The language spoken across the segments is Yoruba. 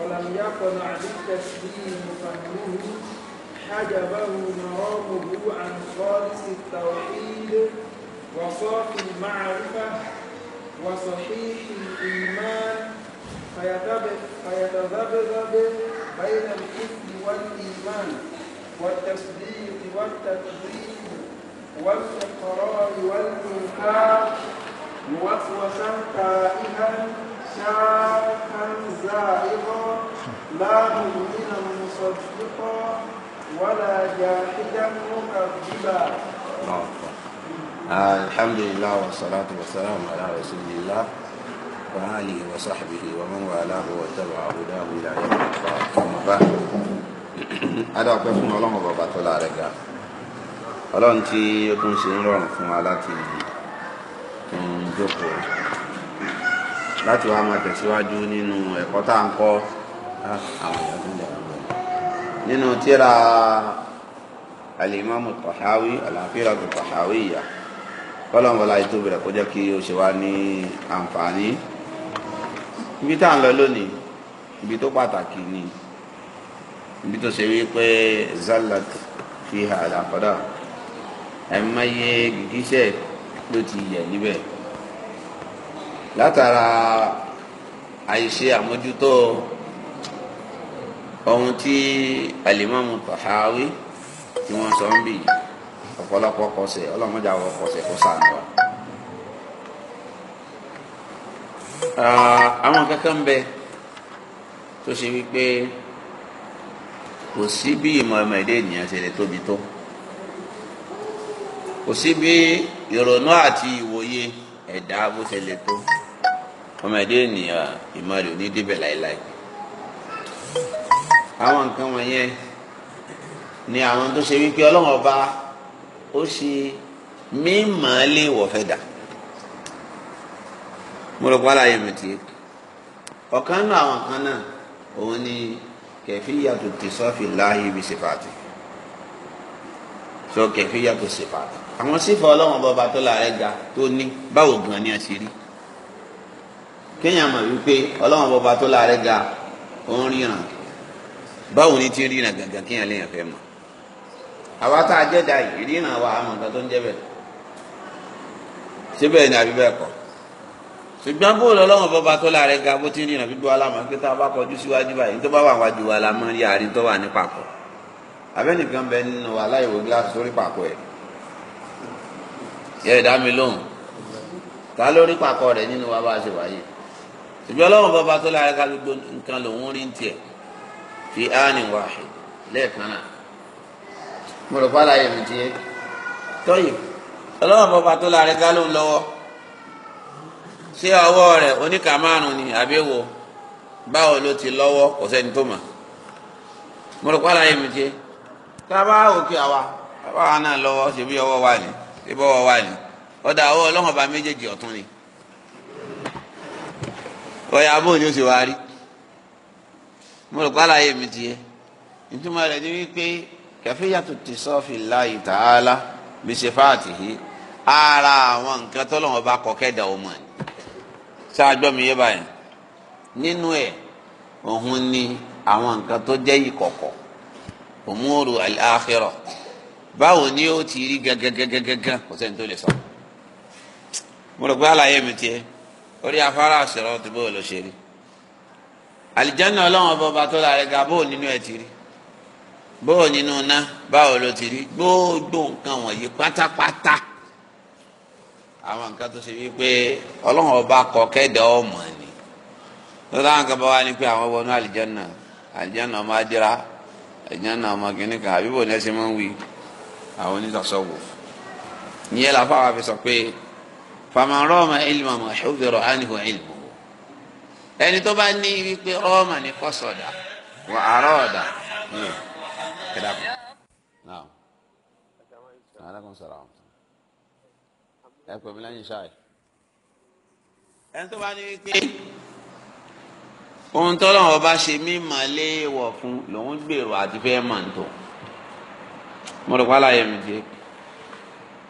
ولم يقنع بالتسليم فهمه حجبه مرامه عن خالص التوحيد وصافي المعرفة وصحيح الإيمان فيتذبذب بين الكفر والإيمان والتصديق والتكذيب والفقراء والإنكار موسوسا تائها شاكا زائغا لا مؤمنا مصدقا ولا جاحدا مكذبا آه، الحمد لله والصلاة والسلام على رسول الله وآله وصحبه ومن والاه واتبع هداه إلى يوم القيامة أما بعد أدعوكم الله وبارك الله ọlọ́run tí ó tún ṣe ń rọrùn fún wa láti tún jókòó láti wá máa tẹ̀síwájú nínú ẹ̀kọ́ tá à ń kọ́ ah, àwọn ìyá tó ń dàgbà nínú tíra alimami Tahawi àlàáfíà tó Tahawi yà kọ́lọ́n bọ́lá ètò ìbẹ̀rẹ̀ kó jẹ́ kí o ṣe wá ní àǹfààní ibi tá à ń lọ lónìí ibi tó pàtàkì ni ibi tó ṣe wí pé zalat fi hà àlàkọ́dà ẹ̀mọye gìgísẹ̀ ló ti yẹ̀ níbẹ̀ látara àìṣe àmójútó ohun tí alimami Tahawi tí wọ́n sọ ń bì ọ̀pọ̀lọpọ̀ kọsẹ̀ ọlọ́mọdé àwọn kọsẹ̀ kó sànù wa. àwọn kankan bẹ tó ṣe wípé kò sí bí ìmọ̀ ọmọ ẹ̀dẹ́ ènìyàn ṣe lè tóbi tó. Bito kò sí bí ìrònú àti ìwòye ẹ̀dá bó ṣe lè tó ọmọ ẹ̀dá ènìyàn ìmọ̀lẹ̀ òní débẹ̀ láéláé àwọn nǹkan wọ̀nyẹn ni àwọn tó ṣe wípé ọlọ́wọ́n ọba ó ṣe mímọ́ lé mo rò pa láàyè mi tiẹ̀ ọ̀kan nínú àwọn kan náà òun ni kẹfíyàtò tẹsọ́fì láàyè bí sèpàtì so kẹfíyàtò sèpàtì àwọn sífà ọlọ́wọ́n bọba tó la rẹ̀ ga tó ní báwo gan ni a ṣe rí kéèyàn mọ̀ wípé ọlọ́wọ́n bọba tó la rẹ̀ ga ó ń ríran báwo ni ti ríran gangan kéèyàn léèyàn fẹ́ mọ̀ àwa tá a jẹ́dá yìí ríran wa àmọ̀ nǹkan tó ń jẹ́ bẹ́ẹ̀ síbẹ̀ ni àbí bẹ́ẹ̀ kọ́ ṣùgbọ́n bó lọ́wọ́n bọba tó la rẹ̀ ga bó ti ríran gbígbó alámọ̀ pé tá a bá kọjú síwájú báyìí tó bá wà wájú wa la mọ̀ rí àárín tó wà ní pàkọ́ abẹ́nìkan bẹ nínú aláìwò gíláàsì sórí pàkọ́ ẹ̀ yẹ ẹ̀dá mi lóhùn ta ló pàkọ nínú wa bá a ṣe wáyé ṣùgbọ́n ọlọ́run bàbá tó lára ká gbogbo nǹkan lòún rí tiẹ̀ fi áàní wàhí lẹ́ẹ̀kan náà mo rò pálá yẹn mi ti tọ́yì ọlọ́run bàbá tó lára ká lóhùn lọ́wọ́ ṣé ọwọ́ oníkà márùn-ún ni àbẹ́wò báwo ló ti lọ́wọ́ kò sẹ́ni tó mọ̀ mo rò mi tá a bá òkè àwa ìbọ̀wọ̀ wà ní ọ̀dà ọwọ́ ọlọ́run ọba méjèèjì ọ̀tún ni ọ̀yà bóun ni ó sì wá rí mo rò pé àlàyé mi ti yẹ ìtumọ̀ rẹ̀ ni wípé kẹfíyàtò ti sọ́ọ̀fì láàyè tààlà bí ṣe fáàtì ara àwọn nǹkan tọ́lọ́wọ́n bá kọ kẹ́dà ọmọ ẹ̀ ṣáájọ́ mi yé báyìí nínú ẹ̀ òun ni àwọn nǹkan tó jẹ́ ìkọ̀kọ̀ òmùrù al báwo ni ó ti rí gangangangangan kò sẹ́ni tó lè sọ. mo rò pé àlàyé mi tiẹ̀ orí afárá àṣẹrọ ti bó lọ ṣe rí àlìjáná ọlọ́wọ́n bọba tó lára ga bó nínú ẹ̀ ti rí bó nínú ná báwo ló ti rí gbogbo nǹkan wọ̀nyí pátápátá àwọn nǹkan tó ṣe wípé ọlọ́wọ́n ọba kọ kẹ́dẹ̀ ọmọ ni lọ́dọ̀ àwọn kan bá wá ní pé àwọn wọnú àlìjáná àlìjáná ọmọ adira àlìjáná ọmọ kìnnìkan àbíbò ní ẹ ṣe máa ń wí àwọn onítàsọ́wò níyẹn la fáwọn afi sọ pé faman rọ́ọ̀mà ilmà mọ̀ ṣùgbọ́n ànihò ilmù ẹni tó bá ní wípé rọ́ọ̀mà ni kò sọ̀dà wà á rọ́ọ̀dà kẹdàkùn náà alákùn sọ̀rọ̀ àwọn ẹ pè mí lẹ́yìn ṣáà ẹni tó bá ní wípé ohun tó lọ́wọ́ bá ṣe mí màá léèwọ̀ fún lòún gbèrò àti fẹ́ màá tó mo rò pálá yẹn mi jẹ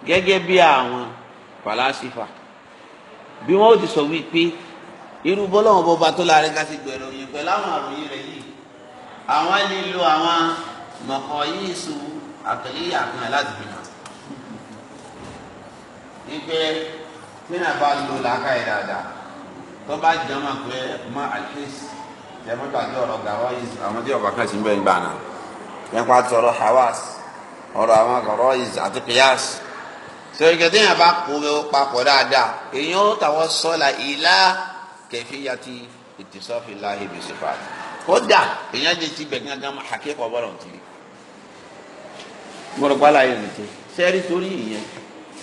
gẹ́gẹ́ bí àwọn fàlásìfà bí wọ́n ti sọ wípé irú bọ́lọ́wọ́n bọba tó la rẹ̀ ká ti gbẹ̀rẹ̀ òyìn pẹ̀lú àwọn àròyìn rẹ̀ yìí àwọn lè lo àwọn mọ̀kọ́ yìí su àtẹ̀lẹ́yà kan láti bìnà wípé tíná bá lo làákàyè dáadáa tó bá jẹ́ ọmọ pé má àkíyèsí tẹ̀mọ́tò àti ọ̀rọ̀ gàwọ́ àwọn tí ọ̀bà kan sì ń bẹ̀ ń gbà náà yẹn pa tọrọ hawaasi ọ̀rọ̀ àwọn ọ̀rọ̀ ìzà àti kìyàs sọ̀rọ̀kẹ́ tí yẹn bá kó o papọ̀ dáadáa èyàn ó tàwọn sọ́la ìlà kẹfíyà ti ìtìsọ́fì láàyè bìsífà kódà èyàn lè ti bẹ̀ gángan máa hakẹ́kọ̀ọ́ bọ́lọ̀ ti rí mo rò pa láàyè nìkan sẹ́rí torí ìyẹn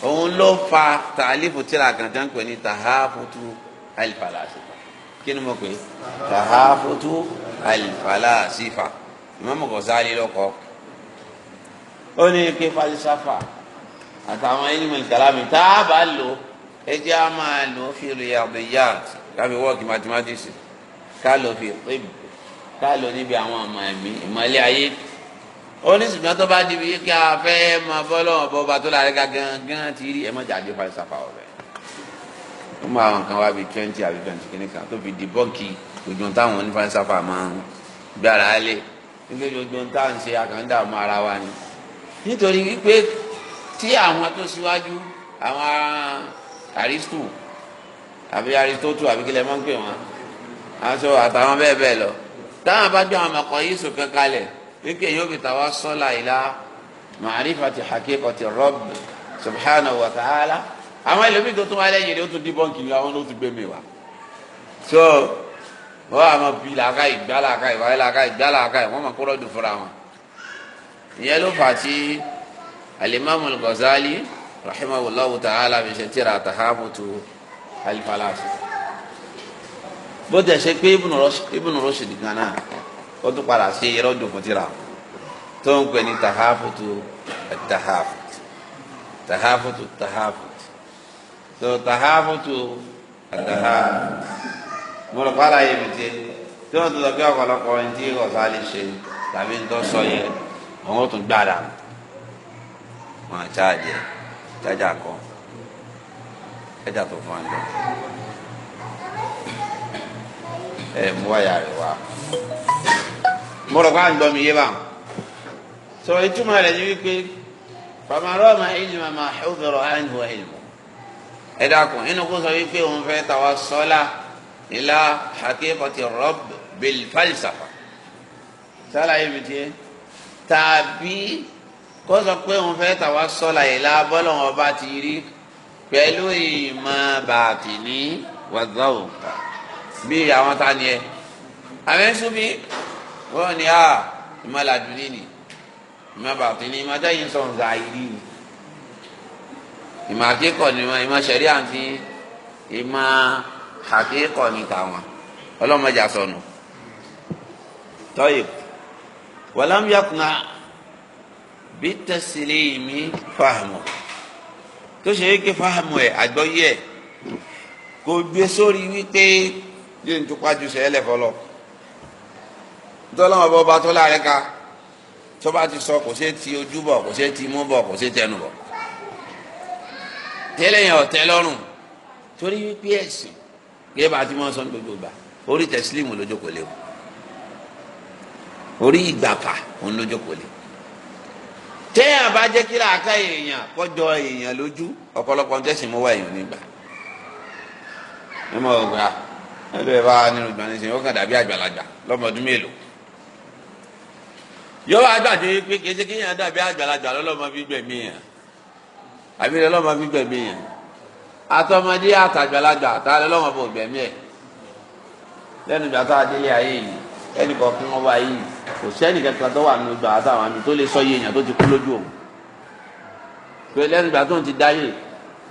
òun ló fa tàlífù tíra kan tán pè ní tàháfùtù àlìfàlàsífà kí ni mo pè tàháfùtù àlìfàlàsífà Imam Ghazali ló kọ ó ní ike falisafa àtàwọn ẹnìmọ̀ ìkàlámì tá a bá lò ẹ jẹ́ a máa lò ó fi riyadiyat káfí wọ́ọ̀kì mathematics ká lò fi tib ká lò níbi àwọn ọmọ ẹ̀mí ìmọ̀lẹ́ ayé oníṣùgbọ́n tó bá di bíi kí a fẹ́ mọ bọ́lọ́ bọ́ba tó lára ga gangan ti rí ẹ̀ mọ̀jà àdé falisafa ọ̀rẹ́ wọ́n máa wọn kan wá bíi twenty àbí twenty kìíní kan tó fi dìbọ́ǹkì ojú táwọn onífalisafa máa ń gbára lé nígbà nítorí wípé tí àwọn tó síwájú àwọn aristo àbí aristotle àbí kílẹ̀ máa ń pè wọ́n aṣọ àtàwọn bẹ́ẹ̀ bẹ́ẹ̀ lọ táwọn bá gbé àwọn ọmọkọ yìí sòkè kalẹ̀ wípé yóò fi tàwa sọ́la ìlà màrífàtì hakíkọ̀tì rọ́bì subhanahu wa ta'ala àwọn ẹlòmíì tó tún wá lẹ́yìn rẹ̀ ó tún díbọ́ǹkì ni àwọn ló tún gbé mi wá. so wọ́n á máa fi làákà ìgbà làákà ìwáyé làákà ìgbà làákà ìwọ́n máa kó lọ́dún fúnra wọn ìyẹn ló fà tí alimami al-Ghazali rahimahullahu ta'ala fi ṣe tírà tahabutu alifalasi bó tẹ̀ ṣe pé Ibn Rushd nìkan náà ó tún padà sí irọ́ jòkó tírà tó ń pè ní tahabutu tahafut tahafutu tahafut so tahafutu tahafut mo rò pàdé ayé mi tiẹ̀ tí wọ́n ti sọ pé ọ̀pọ̀lọpọ̀ ẹni tí ọ̀sán ṣe tàbí ń tọ́ sọ yẹn wọn tún gbá dànù wọn àtsáàjẹ jájà kọ jájà tó fún wa lọ ẹ mú wáyà rẹ wá mo rò pé à ń gbọ́ mi yé báwọn sọ ìtumọ̀ rẹ̀ ni wípé famarọ́ọ̀mà ìlmà máa xúbẹ̀rọ̀ àìníwá ìlmù ẹ dákun inú kó sọ wípé òun fẹ́ tàwa sọ́lá ilá hakíkọ̀tì rọ́b bíl fálísàfà sálàyé mi tiẹ́ tàbí kó sọ pé òun fẹ́ tàwa sọ́la ìlà bọ́lọ́wọ́n bá ti rí pẹ̀lú ìmọ̀ bàtì ní wàdáwò bí àwọn ta ni ẹ àmẹ́sùnmí wọ́n ní à ìmọ̀ làdúní ni ìmọ̀ bàtì ní ìmọ̀ tẹ́yìn sọ̀rọ̀ zàìrí ni ìmọ̀ àkíkọ̀ ni wọn ìmọ̀ sẹ̀rí àǹtí ìmọ̀ àkíkọ̀ ni tàwọn ọlọ́mọdé àsọnù tọ́yìí. ولم يقنع بالتسليم فهمه tó ṣe é ké fáhàmù ẹ àgbọ́yé ẹ kò gbé sórí wípé yóò tún pàjù sẹ́lẹ̀ fọlọ́ tọ́lọ́mọ bọ́ bá tó láàrin ká tó bá ti sọ kò ṣe ti ojú bọ̀ kò ṣe ti mú bọ̀ kò ṣe tẹnu bọ̀ tẹ́lẹ̀ yẹn ọ̀tẹ́ lọ́rùn torí wípé ẹ̀sìn kí ẹ bá ti mọ́ sọ́n gbogbo gbà orí tẹ̀sílímù lójókòó léwu orí ìgbàpà òun ló jókòó lé téèyàn bá jẹ́ kí làákà èèyàn kọjọ èèyàn lójú ọ̀pọ̀lọpọ̀ ń tẹ̀sìn mú wá èèyàn nígbà ẹ mọ̀ ọ̀gbà ẹlò ẹ̀ bá nínú ìgbà nísìnyí ó kàn dàbí àgbàlagbà lọ́mọdún mélòó yóò wá gbàdé pé kéṣe kéèyàn dàbí àgbàlagbà lọ́lọ́mọ gbígbẹ̀mí yẹn àbí lọ́lọ́mọ gbígbẹ̀mí yẹn àtọmọdé àtàgbàlagbà tá a lọ́mọ bò gbẹ̀mí ẹ̀ lẹ́nu ìgbà tá a délé ayé yìí ẹnì kọ̀ọ̀kan wọn wá yìí kò sẹ́ni kankan tó wà nínú gbà àtàwọn àmì tó lè sọ iye èèyàn tó ti kú lójú òun pé lẹ́nu ìgbà tó ń ti dáyé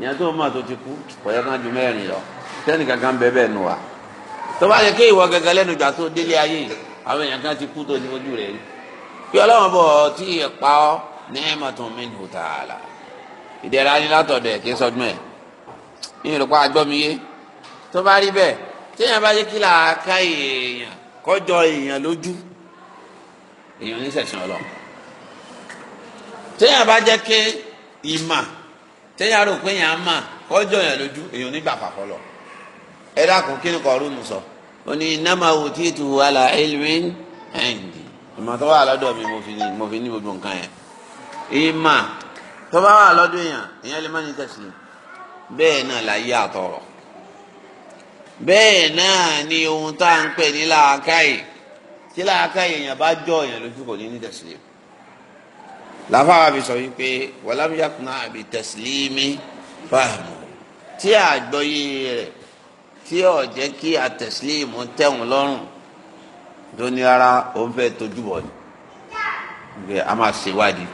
èèyàn tó mọ̀ tó ti kú kò yẹ kán ju mẹ́rin lọ sẹ́ni kankan bẹ́ẹ̀ bẹ́ẹ̀ nù wá tó bá yẹ kí ìwọ gẹ́gẹ́ lẹ́nu ìgbà tó délé ayé àwọn èèyàn kan ti kú tó ní ojú rẹ̀ rí pé ọlọ́run bọ̀ tí ì pa ọ́ ní ẹ̀mọ̀tún mi nù tààlà ìdẹ̀ra ni látọ̀dọ̀ ẹ̀ kí sọdún ẹ̀ ní ìrọ̀pá agbọ́miyé tó bá rí bẹ́ẹ̀ téèyàn bá yẹ kí làákà èèyàn kọjọ èèyàn lójú èèyàn ní sẹ̀sìn ọlọ téèyàn bá jẹ́ kí ìmà téèyàn rò pé èèyàn mà kọjọ èèyàn lójú èèyàn nígbà pàpọ̀ lọ ẹ dákun kí ni kọ̀ọ̀rù nù sọ ó ní nàmà wò tí tù wàlà elwin ẹ̀ǹdì ìmọ̀ tó wà lọ́dọ̀ mi mo fi ní mo fi ní gbogbo nǹkan yẹn ìmà tó bá wà lọ́dọ̀ èèyàn èèyàn lè má ní tẹ̀sí bẹ́ẹ̀ náà láyé àtọ̀rọ̀ bẹ́ẹ̀ náà ni ohun tá à ń pè ní làákàyè tí làákàyè èèyàn bá jọ èèyàn lójú kò ní ní tẹ̀sílẹ̀ làfáà fi sọ wípé wàlámùyàkùnà àbí tẹ̀sílẹ̀ mi fáàmù tí àgbọ́yé rẹ̀ tí ò jẹ́ kí àtẹ̀sílẹ̀ mú tẹ̀wọ̀n lọ́rùn tó ní ara òun fẹ́ tójú bọ̀ ni a máa ṣèwádìí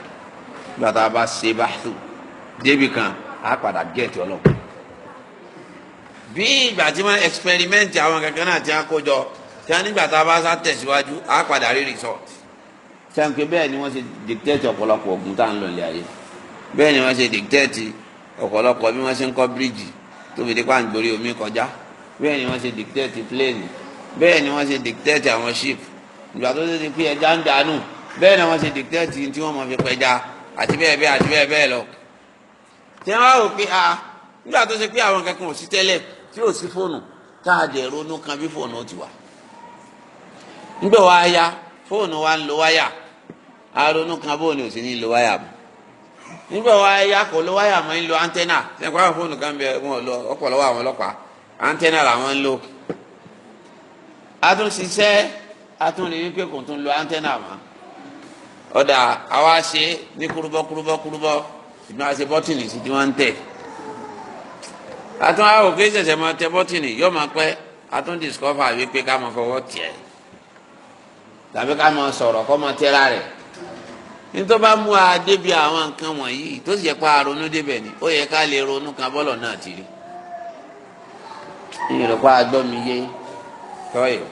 nígbà bá ṣe bá débi kan a padà gẹ̀ẹ́tì ọlọ́pàá bí ìgbà tí wọ́n ẹ̀xpẹ́rímẹ́ǹtì àwọn kankan náà ti á kó jọ tí wọ́n nígbà tá a bá sá tẹ̀síwájú á padà rí result. sànkè bẹ́ẹ̀ ni wọ́n ṣe dictate ọ̀pọ̀lọpọ̀ ogun tá à ń lò ní ayé bẹ́ẹ̀ ni wọ́n ṣe dictate ọ̀pọ̀lọpọ̀ bí wọ́n ṣe ń kọ́ bíríìjì tó fi di pàǹgbórí omi kọjá bẹ́ẹ̀ ni wọ́n ṣe dictate plane bẹ́ẹ̀ ni wọ́n ṣe dictate àwọn ship ìgbà tó ṣe ti pé ẹja ń dànù bẹ́ẹ̀ ni wọ́n ṣe dictate tí wọ́n mọ̀ fi pẹja àti bẹ́ẹ̀ bẹ́ẹ̀ àti bẹ́ẹ̀ bẹ́ẹ̀ lọ. tí wọ́n wá wò pé a nígbà tó ṣe pé àwọn kankan ò sí tẹ́lẹ̀ tí o sí fóònù tá a dẹ̀ ronú kan bí fóònù ti wà ńgbẹ́ wa ya fóònù wa ń lo wáyà a ronú kan bóònù ò sí ní lo wáyà mọ́ nígbà wa ya kò lo wáyà mọ́ ń lo antenna sẹ́kọ̀ọ́ àwọn fóònù kan bẹ wọn lọ ọ̀pọ̀lọpọ̀ àwọn ọlọ́pàá antenna làwọn ń wípé kò tún lo antenna mọ́ ọ̀dà àwa ṣe ní kúrúbọ́ kúrúbọ́ kúrúbọ́ ìgbà ṣe bọ́tìnì sí àtún àwọn òkè ṣẹ̀ṣẹ̀ máa tẹ bọ́tìnì yóò máa pẹ́ àtún discover wípé ká máa fọwọ́ tiẹ̀ tàbí ká máa sọ̀rọ̀ kọ́ máa tẹ́ra rẹ̀ nítorí bá mú a débi àwọn nǹkan wọ̀nyí tó sì yẹ pa àrònú débẹ̀ ni ó yẹ ká lè ronú kan bọ́lọ̀ náà ti rí ìyẹn lọ́pàá gbọ́ yé tọ́yọ̀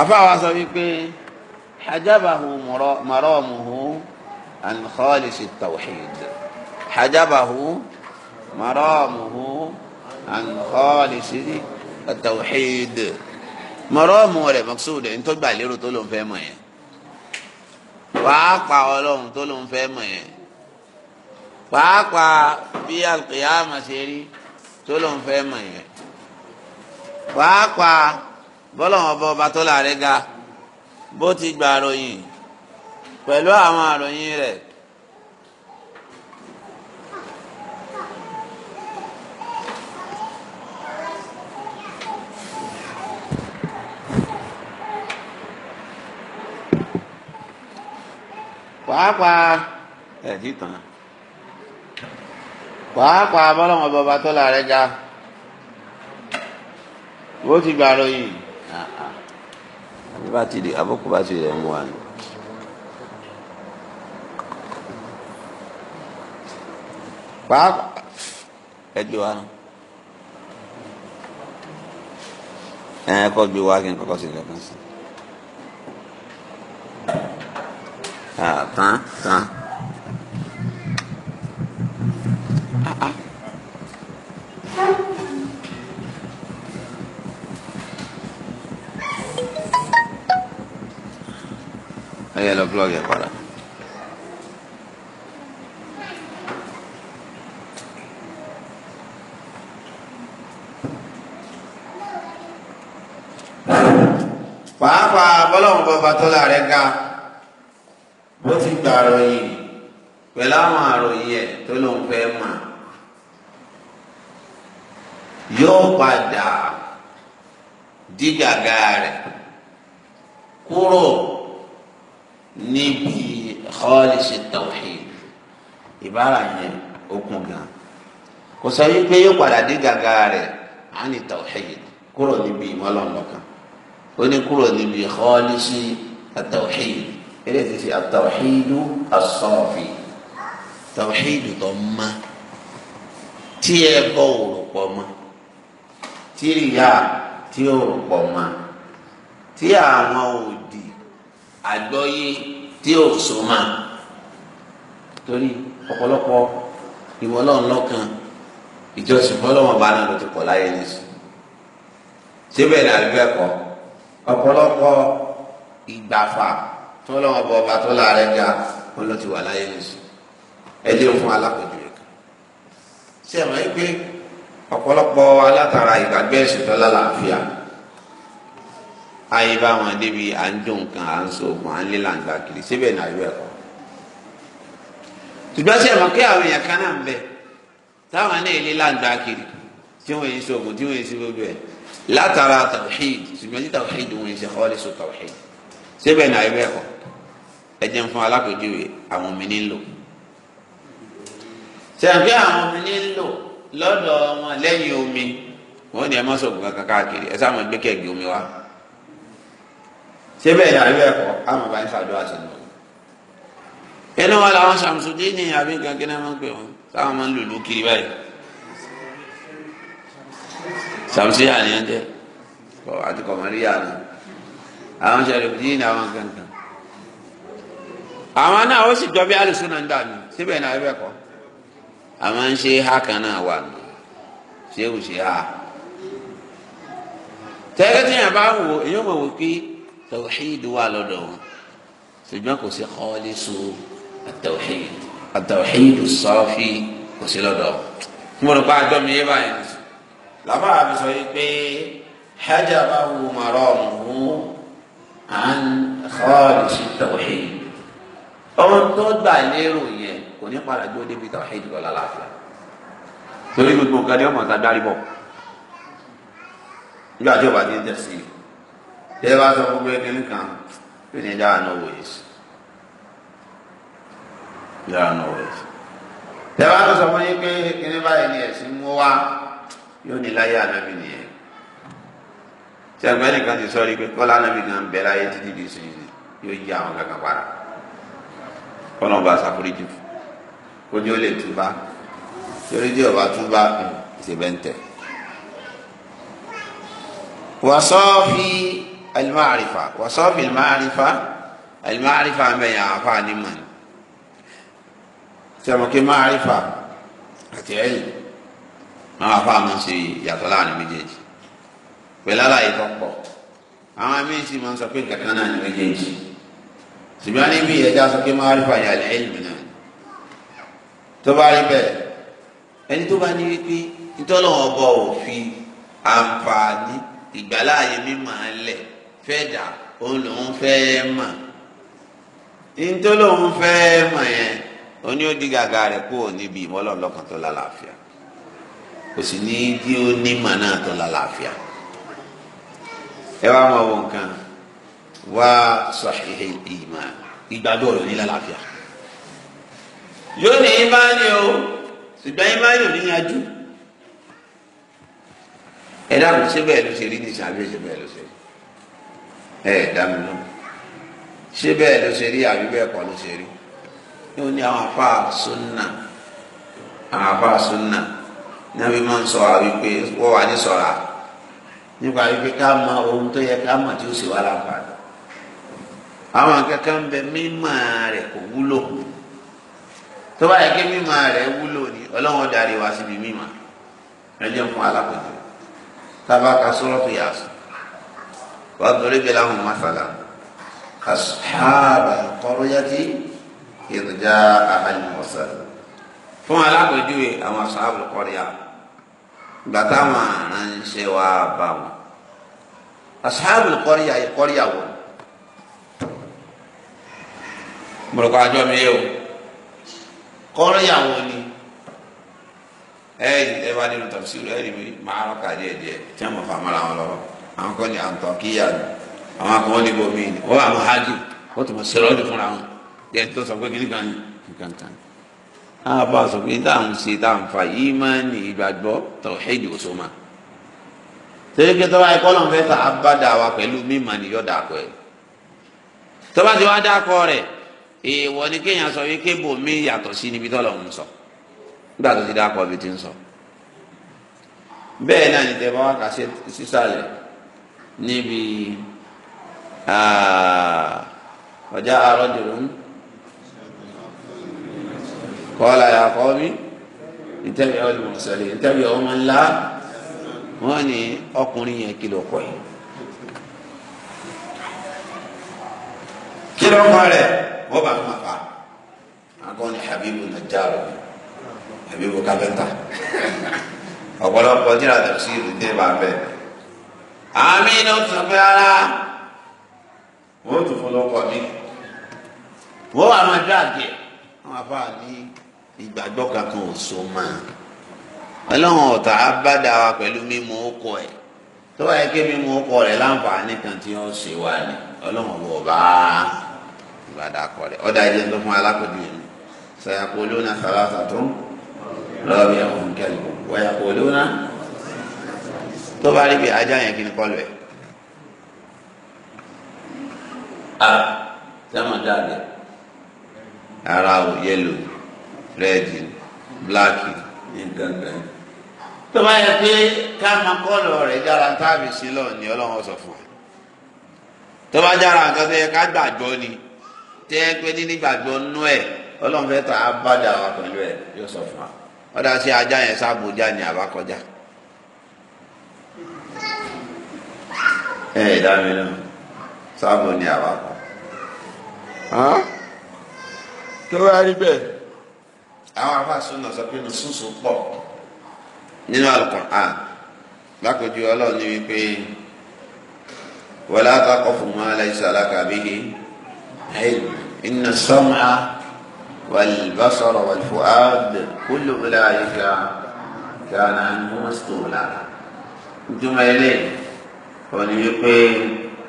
àfáwa sọ wípé hajabahu mọ̀rọ̀ mọ̀rọ̀ mùhún an khalis at-tawhid. حجبه مرامه عن خالص التوحيد مرامه رẹ̀ مقصود ان tó gbà lérò tó ló ń fẹ́ mọ̀ yẹn pàápàá ọlọ́run tó ló ń fẹ́ mọ̀ yẹn pàápàá bí alqiyama ṣe rí tó ló ń fẹ́ mọ̀ yẹn pàápàá bọ́lọ̀wọ́n bọ́ ọba tó láàrẹ́ ga bó ti gbà ròyìn pẹ̀lú àwọn àròyìn rẹ̀ pàápàá ẹ̀ títàn pàápàá bọ́lọ́mọ bọba tó la rẹ ga bó ti gbà ròyìn àbíbá ti di àbókù bá ti rẹ̀ mú wa ni. pàápàá ẹ gbé wa nù ẹ kọ́ gbé wa kí n kọ́kọ́ sí ẹ kankan sí Ah, tá, tá. Ah, ah. Aí ela blog agora. pàápàá bọ́lọ́mù bọ́ba tó láàrẹ́ ga ó ti gbà àròyìn pẹ̀lú àwọn àròyìn ẹ̀ tó lóun fẹ́ mọ̀ yóò padà dígàgá rẹ̀ kúrò níbi khalisi tawhid ìbára yẹn okun gan kò sọ wípé yóò padà dígàgá rẹ̀ àní tawhid kúrò níbi ìmọ̀lọ́mọ̀kan ó ní kúrò níbi khalisi tawhid eléyìí ti ṣe àtàwíìdù àsọ̀fì tàwíìdù tó mọ́ tí ẹ bọ́ òrùpọ̀ mọ́ tí ìyá tí òrùpọ̀ mọ́ tí àwọn òdì àgbọ́yé tí ò so mọ́ torí ọ̀pọ̀lọpọ̀ ìmọ̀lọ́run lọ́kàn ìjọsìn fọlọ́wọ́n bá náà ló ti pọ̀ láyé nìsín síbẹ̀ ní àríwẹ̀ kọ́ ọ̀pọ̀lọpọ̀ ìgbàfà tó lọ́wọ́ bọ̀ ọba tó láàrẹ̀ ga wọn ló ti wà láyé nìsín ẹ lé fún alákòjúwe kan ṣé ẹ máa ń gbé ọ̀pọ̀lọpọ̀ alátara ìgbàgbẹ́ ẹ̀sìn lálàáfíà ayé bá wọn débi à ń dùn kan à ń sọ̀gbọ̀n à ń lé làǹgbà kiri síbẹ̀ ní àyọ̀ ẹ̀kọ́ ṣùgbọ́n ṣe mọ̀ kí àwọn èèyàn kan náà ń bẹ táwọn náà lé làǹgbà kiri tí wọ́n yẹn sọ̀gbọ̀n tí wọ́n yẹn sí gbogbo ẹ̀ látara tawhid ṣùgbọ́n tí tawhid wọn yẹn ṣe kọ́ lè so tawhid síbẹ̀ ní àyọ̀ ẹ̀kọ́ ẹ jẹ́ ń fún alákòójúwe àwọn omi nílò sẹ́yìnkí àwọn omi nílò lọ́dọ̀ wọn lẹ́yìn omi wọn ni ẹ má sọ̀gùn kankan káàkiri ẹ sáà mọ̀ gbé kẹ́gbẹ́ omi wá ṣé bẹ́ẹ̀ ni àríwá ẹ̀kọ́ àmọ̀ bá ń ṣàdúrà sí lọ. inú wa làwọn ṣàmùsùdí ní àbí nǹkan náà máa ń pè wọn táwọn máa ń lùlù kiri báyìí ṣàmùsùdí àníyàn jẹ́ àti kọ̀mọ́ríyà ni àwọn ṣàlùfíì ní àwọn kankan àwọn náà ó sì jọ bí alùsùn náà ń gbà mí síbẹ̀ náà ẹ bẹ́ẹ̀ kọ́ àwọn ń ṣe ha kan náà wà nù ṣé ò ṣe ha tẹ́lẹ̀ tí yàrá bá wò èyí ò mọ̀ wò pé tawhid wà lọ́dọ̀ wọn ṣùgbọ́n kò sí kọ́ọ́lì so àtàwhid àtàwhid sọ́ọ́fì kò sí lọ́dọ̀ mo rò pé àjọ mi yé báyìí làbá àbí sọ yìí pé hajabahu maramuhu an kọ́ọ́lì sí tawhid ohun tó gbà lérò yẹn kò ní padà dúró débi tó ṣèjì lọ lálàáfíà torí gbogbo nǹkan ni ọmọ ọ̀sán dárí bọ̀ nígbà tí ọba ti ń tẹ̀sí tẹ́ bá sọ fún bẹ́ẹ̀ nínú kan yóò ní yára náà wòye sí yára náà wòye sí tẹ́ bá sọ fún yín pé kíní báyìí ni ẹ̀sìn mú wá yóò ní láyé ànábì nìyẹn tí nìkan ti sọ rí pé kọ́lá ànábì kan bẹ̀ láyé títí di sèyí yóò yí àwọn kankan padà kọ́nà bá ṣàforíjì fún kó ní ó lè túbá torí tí ọba túbá um, ìṣèbẹ̀ǹtẹ̀. wàsọ́ọ̀fì alimáàrífà wàsọ́ọ̀fì alimáàrífà alimáàrífà mẹ́yà àfa nímọ̀ ni sẹ́mọ̀kí máàrífà àti ẹ̀yìn máa wà fáwọn ṣe yàtọ̀ láàrin méjèèjì pẹ̀lú aláyé tó pọ̀ àwọn míín sì máa ń sọ pé kankan náà ní méjèèjì ṣùgbọ́n níbi ẹja sọ pé máa rí fàyà ẹlẹ́yìn náà tó bá rí bẹ́ẹ̀ ẹni tó bá ní wípé ìtọ́lọ́wọ́ ọba òfin àǹfààní ìgbàláàyè mímọ́ ẹlẹ̀ fẹ́ dà òun lòún fẹ́ mọ̀ ìtọ́lọ́wọ́ fẹ́ mọ̀ yẹn oní ó di gàgà rẹ̀ kúrò níbi ìmọ́lọ́lọ́kan tó lálàáfíà kò sì ní í di onímọ̀ náà tó lálàáfíà ẹ wá mọ̀ wọn kan wá sàhìhì ìmọ̀ ìgbàgbọ́ rẹ̀ nílá láàfíà yóò ní ìmáàlì o ṣùgbọ́n ìmáàlì ò níyanjú ẹ dáàbò ṣé bẹ́ẹ̀ ló ṣe rí ní ìṣàbí ṣe bẹ́ẹ̀ ló ṣe rí ẹ dá mi lọ ṣé bẹ́ẹ̀ ló ṣe rí àbí bẹ́ẹ̀ kọ́ ló ṣe rí yóò ní àwọn afá sunna àwọn afá sunna ní wọn máa ń sọ wípé wọ́n wà ní sọ̀rọ̀ nípa wípé ká mọ ohun tó yẹ ká mọ̀ tí ó sì wá láǹfààní àwọn kankan bẹ mímọ̀ rẹ̀ kò wúlò tó bá yẹ kí mímọ̀ rẹ̀ wúlò ni Ọlọ́run darí wá síbi mímọ̀ ẹjẹ fún alákòjọ tábà ka suratu Yasin wadrib lahum mathalan ashabal qaryati idh ja'ahal mursalun fún alákòjúwe àwọn ashabal qarya gbàtà wọn à ń ṣe wá bá wọn ashabal qarya ìkọrìyà wọn. mọ̀lọ́kọ́ àjọ mi yẹ o kọ́rọ́ yàwó ni ẹ ẹ bá nínú tafsiru ẹ rí mi máa rọ kàdé ẹ díẹ̀ tí wọn fà mọ́ra wọn lọ́wọ́ àwọn kan ní àǹtọ̀ kíyà ni àwọn kan wọn ní ni wọn àwọn hajj wọn tún bọ sẹrọ ní fúnra wọn díẹ̀ tó sọ pé kíníkan ni kíníkan kan náà bá sọ pé táwọn ṣe táwọn fa yìí máa ní ìgbàgbọ́ tauhid òṣòmà torí pé tọ́ba ẹ̀kọ́ lọ́n fẹ́ ta abádà wa pẹ̀lú mímọ̀ níyọ̀ dàpọ̀ ẹ̀ tọ́ba ti wá dàpọ̀ rẹ̀ èèwọ̀ ni kéèyàn sọ wípé bòmí yàtọ̀ sí níbi tọ́lọ̀ ń sọ nígbà tó ti dá akọ ibi tí ń sọ bẹ́ẹ̀ náà ní tẹ́ bá wá kà sísàlẹ̀ níbi ọjà arọ́jòrò ń kọ́lá ya kọ́ mi ìtẹ́bi ọdún mọ̀sálẹ̀ ìtẹ́bi ọmọ ńlá wọ́n ní ọkùnrin yẹn kìlọ̀ kọ́ yìí. kí ló ń kọ́ rẹ̀. wọ́n bá fún apá habibu najaro habibu kapẹ́ntà ọ̀pọ̀lọpọ̀ jíra tẹ̀sí ìdílé bá bẹ́ẹ̀ àmì ni ó ara wọ́n tún fún lọ́kọ̀ mi wọ́n wà máa dá àgẹ̀ wọ́n so ma. wa ọba. ìgbà dàkọ rẹ̀ ọ̀dà ilé tó fún alákòjú yẹn sayakolona salasatum lọ́ọ̀bì ẹ̀hún kẹ́lùkù wayakolona tó bá rí bí ajá yẹn kí ni kọlu ẹ̀. a sẹ́mu dáadé ara o yẹlò rẹ́ẹ̀dì bíláàkì ní gangan tó bá yẹ pé ká máa kọlu rẹ̀ jára táàbì sílọ̀ ni ọlọ́run sọ fún wa tó bá jára nǹkan tó yẹ ká gbàgbọ́ ni tẹ́gbẹ́ ní nígbàgbọ́ nú ẹ̀ ọlọ́run fẹ́ tà á bá dà wá pẹ̀lú ẹ̀ yóò sọ fún wa ọ̀dà sí ajá yẹn sábòjá ni àbá kọjá. ẹ ẹ dá mi lóhùn sábò ni àbá kọ. tó bá rí bẹ́ẹ̀. àwọn afáàsùn náà sọ pé inú sùnsùn pọ̀ nínú Al-Qur'an lákòjú ọlọ́run ní wípé wala taqfu ma laysa laka bihi. علم إن السمع والبصر والفؤاد كل أولئك كان عنه مسؤولا ntoma eléyìí òní wípé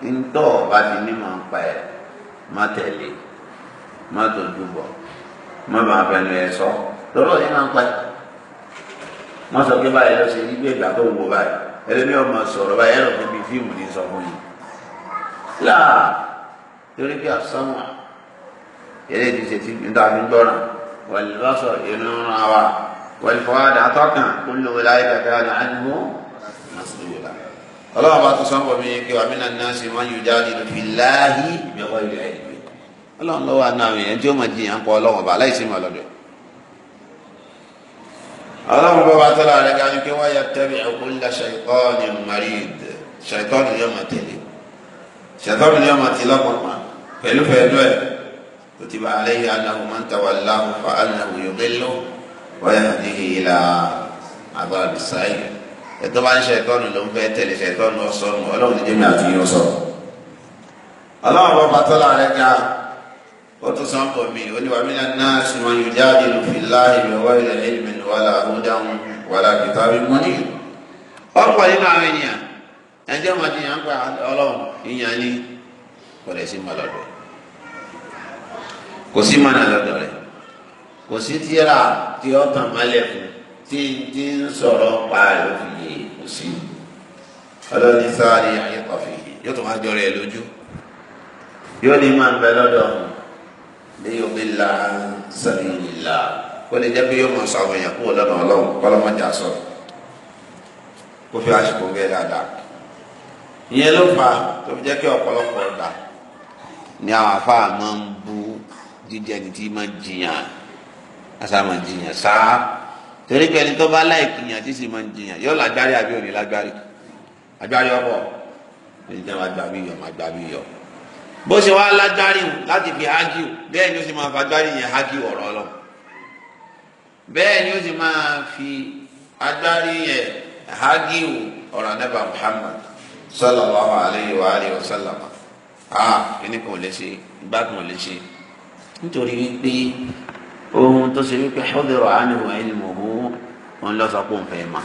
ntọ́ bá ti ní mọ̀ ń pa ẹ̀ má tẹ̀lé má tó dúbọ̀ má bàa fẹnu ẹ̀ sọ lọ́rọ̀ yìí máa ń pa ẹ̀ má sọ pé báyìí lọ sí ibi ìgbà tó ń wo báyìí ẹlẹ́ni ọmọ sọ̀rọ̀ báyìí ẹ̀rọ fún mi fíìmù ní sọ fún yìí láà torí pé àsánwà eré ti ṣe ti níta fi gbọ́ràn wàlúbáṣọ ìrìnrìn àwa wàlúfọwádà atọ́kàn kúlùwẹ̀ láyé kàkà àná àdúgbò màsílùwẹ̀lá ọlọ́wọ́ bá tó sọ́nbọ̀ mi kí wàmí náà náà sì máa ń yọjá nínú fìláhì ìgbẹ́wọ́ ilẹ̀ ẹ̀dùn ọlọ́run lọ́wọ́ àná àwọn èèyàn tí ó máa jiyàn pọ̀ ọlọ́wọ́ bá láì sí mọ̀ lọ́dọ̀ bá tọ́lá rẹ̀ pẹ̀lú pẹ̀lú ẹ̀ kutiba alayhi annahu man tawallahu fa annahu yudilluhu wa yahdihi ila adhabis sa'ir ẹ̀tọ́ bá ń ṣe ẹ̀tọ́ nù ló ń fẹ́ tẹ̀lé ṣe ẹ̀tọ́ nù ọ̀sọ́ nù ọlọ́run ti jẹ́mi àti yín ọ̀sọ́. ọlọ́run bọ́ pátọ́lá rẹ̀ ga ó tún sàn pọ̀ mí oníwà mí náà sùnmọ́ yóò jáde lù fi láàyè lọ́wọ́ ilẹ̀ ẹ̀dùnmí wàlà àhúdáhùn wàlà kìtà bí wọn ti yàn ń pa ọlọ́run ìyàn ni kò lè kò sí mọ̀nà lọ́dọ̀ rẹ̀ kò sí tíra tí ó tàn mọ́lẹ̀ fún tí tí ń sọ̀rọ̀ pa rẹ̀ fi yé kò sí ọlọ́ni sáré ayé kọfí yóò tó máa jọ rẹ̀ lójú yóò ní máa ń bẹ lọ́dọ̀ ní omi la sẹ́ni ìlà kó lè jẹ́ pé yóò máa sọ àwọn èèyàn kúrò ọlọ́run kọ́lọ́mọjà sọ̀rọ̀ kó fi àsìkò ń dáadáa ìyẹn ló fà tó fi jẹ́ kí ọ̀pọ̀lọpọ̀ ọ̀dà ni àwọn afáà ń bu jíjẹ ni tí máa jiyàn àṣà máa jiyàn sáá torí pé ẹni tó bá láìkìyàn tí sì máa jiyàn yóò lágbárí àbí òní lágbárí agbárí ọbọ ẹni tí wọn agbárí yọ máa gbárí yọ bó ṣe wá lágbárí láti fi hágíù bẹ́ẹ̀ ni ó sì máa fa yẹn hágíù ọ̀rọ̀ ọlọ́run bẹ́ẹ̀ ni ó sì máa fi agbárí yẹn hágíù ọ̀rọ̀ anábà Muhammad sallallahu alayhi wa alihi wa sallam ah kíní kan ò lè ṣe igbá kan lè ṣe nítorí wípé ohun tó ṣe wípé ṣọ́dọ̀rọ̀ ánìwò ẹ̀lìmọ̀hó òun lọ sọ pé òun fẹ́ mọ̀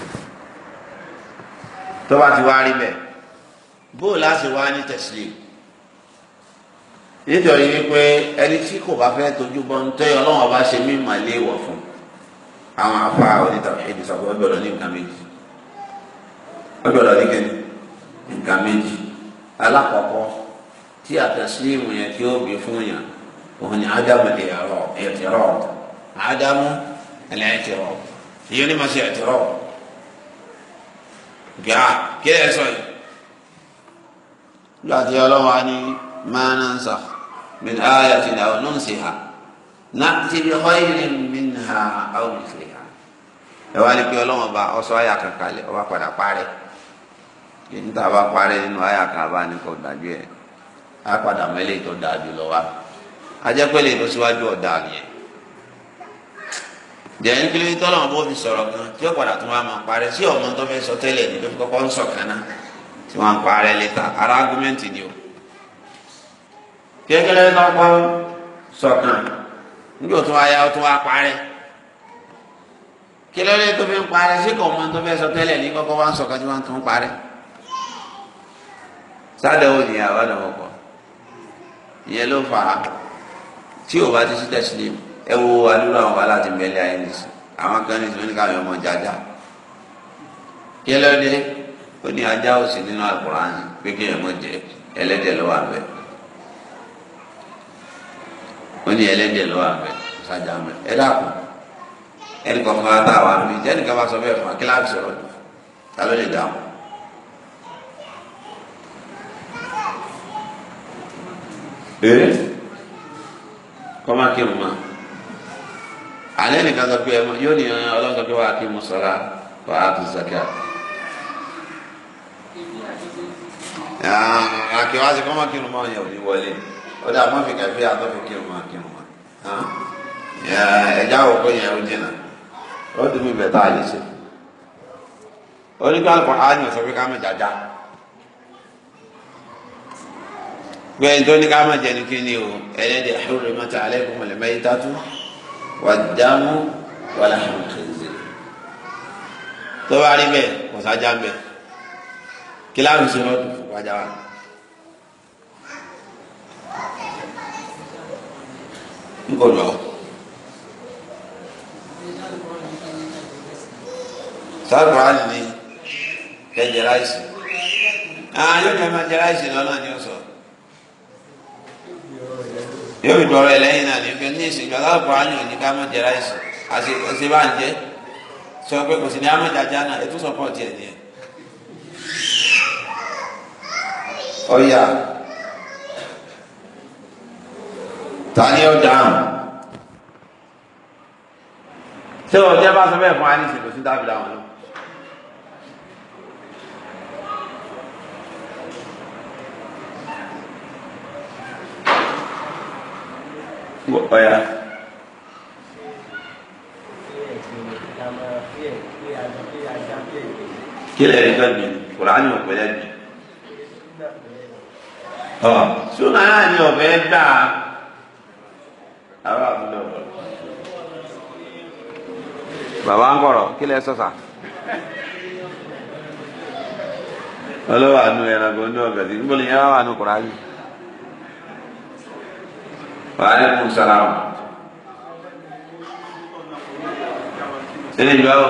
tó bá ti wá rí bẹ́ẹ̀ bóò láti wá ní tẹ̀sílẹ̀ nítorí wípé ẹni tí kò bá fẹ́ tójú bọ́ ń tẹ́ ọlọ́wọ́n bá ṣe mí màlẹ́ ìwọ̀ fún àwọn afá onítàwọn ẹ̀dì sọ pé ní nǹkan méjì ó ní kẹ́ni nǹkan méjì alákọ̀ọ́kọ́ tí àtẹ̀sílẹ̀ yẹn tí ó gbé fún yàn òun ni ádámù lè rọ ẹ̀tẹ̀rọ ádámù lè ẹ̀tẹ̀rọ èyí ni màá ṣe ẹ̀tẹ̀rọ gbà kí ẹ sọ yìí láti ọlọ́wọ́ ni máa ń sà min ayatin aw nunsiha na'ti bi khayrin minha aw mithliha ẹ wá ní pé ọlọ́wọ́n bá ọsọ àyà kan kalẹ̀ ọba padà parẹ́ kí n ta bá parẹ́ nínú àyà kan bá ní kò dájú ẹ̀ á padà mẹ́lẹ́ tó dájú lọ wá ajẹ́pẹ́lẹ́ tó síwájú ọ̀dà nìyẹn jẹ́yìn kí ló yẹ tọ́lọ́mọ bó fi sọ̀rọ̀ kan tí ó padà tún wá máa parẹ́ sí ọmọ tó fẹ́ sọ tẹ́lẹ̀ ní tó fi kọ́kọ́ ń tí wọ́n ń parẹ́ lẹ́ta ara argument ni o kékeré lọ́kọ́ sọ̀kan níbi òtún ayá ó tún wá parẹ́ kí ló yẹ tó fi ń parẹ́ sí kọ́ ọmọ tó fẹ́ sọ tẹ́lẹ̀ ní kọ́kọ́ wá ń sọ̀kan tí wọ́n tún parẹ́ sádẹ́wò nìyàwó àdàwọ̀ kọ́ ìyẹn ló fà tí o bá ti sí tẹ̀sílẹ̀ ẹ wo alúlọ àwọn wàhálà ti mẹ́lẹ̀ ayé nìsí àwọn kan ní sinmi káwọn ọmọ jájá kí lóde ó ní ajá ó sì nínú àkùránì pé kí ẹ̀ mọ̀ jẹ ẹlẹ́dẹ̀ lọ́wọ́ àbẹ̀ ó ní ẹlẹ́dẹ̀ lọ́wọ́ àbẹ̀ sájà mẹ́ ẹ dákun ẹnì kan fún wa tá mí jẹ́ nìkan bá sọ bẹ́ẹ̀ fún wa kí láti sọ̀rọ̀ ta ló lè dáhùn. ee kọ́má kí n mọ̀ alẹ́ nìkan sọ pé ẹ mọ̀ yóò ní ọlọ́run sọ pé wàá kí n mú sọ́ra wàá tún sàkíà. Ah, àkèwá sí kọ́má kí n mọ̀ yẹn ò ní wọlé ó dà mọ́ fi kàfé àtọ́fẹ́ kí n mọ̀ kí n mọ̀ ah, ẹ̀já òkú yẹn ó jìnnà ó dùn mí bẹ̀ tá a lè ṣe. oníkàlùkù á ní ọ̀sán ká mẹ́jà já. pé ẹni tó ní ká má jẹnu kí ni o ẹlẹ́dẹ̀ àhúrò mọ́tà alẹ́kùn mọ̀lẹ́mẹ́ yìí tátú wà dáhùn wà láhùn kìí tó bá rí bẹ́ẹ̀ kò sájà ń bẹ̀ kí láàrú sí ọdún fún wájà wa. sáàpù á nìyí kẹjẹ láìsí. àyọ̀kẹ́ máa jẹ láìsí lọ́nà ni ó sọ yóò fi dọ̀rọ̀ ẹlẹ́yìn náà nígbà ní ìsìnkú aláàbò àyàn ní ká mọ̀ jẹ́ra ẹ̀sìn àṣẹ bá ń jẹ́ sọ pé kò sí ní àmọ́ jàjà náà ètò sọ́pọ̀tì ẹ̀ nìyẹn. ọ̀yà ta ni ó dáhùn tí ọjọ́ bá sọ bẹ́ẹ̀ fún àníṣe kò sí dábìlà wọn lọ. ọ̀ya. kí lè rí ká gbìn kùránì ọ̀pẹ̀lẹ̀ gbìn. ọ̀ súnà náà ni ọ̀fẹ́ gbà àwọn àbúlé ọ̀rọ̀. bàbá ń kọ̀rọ̀ kí lè sọ̀sà. ọlọ́wà nu ẹranko ní ọ̀gàdì níbo ni yẹn wà nù kùránì waaleykum salaam. eléyìí báwo.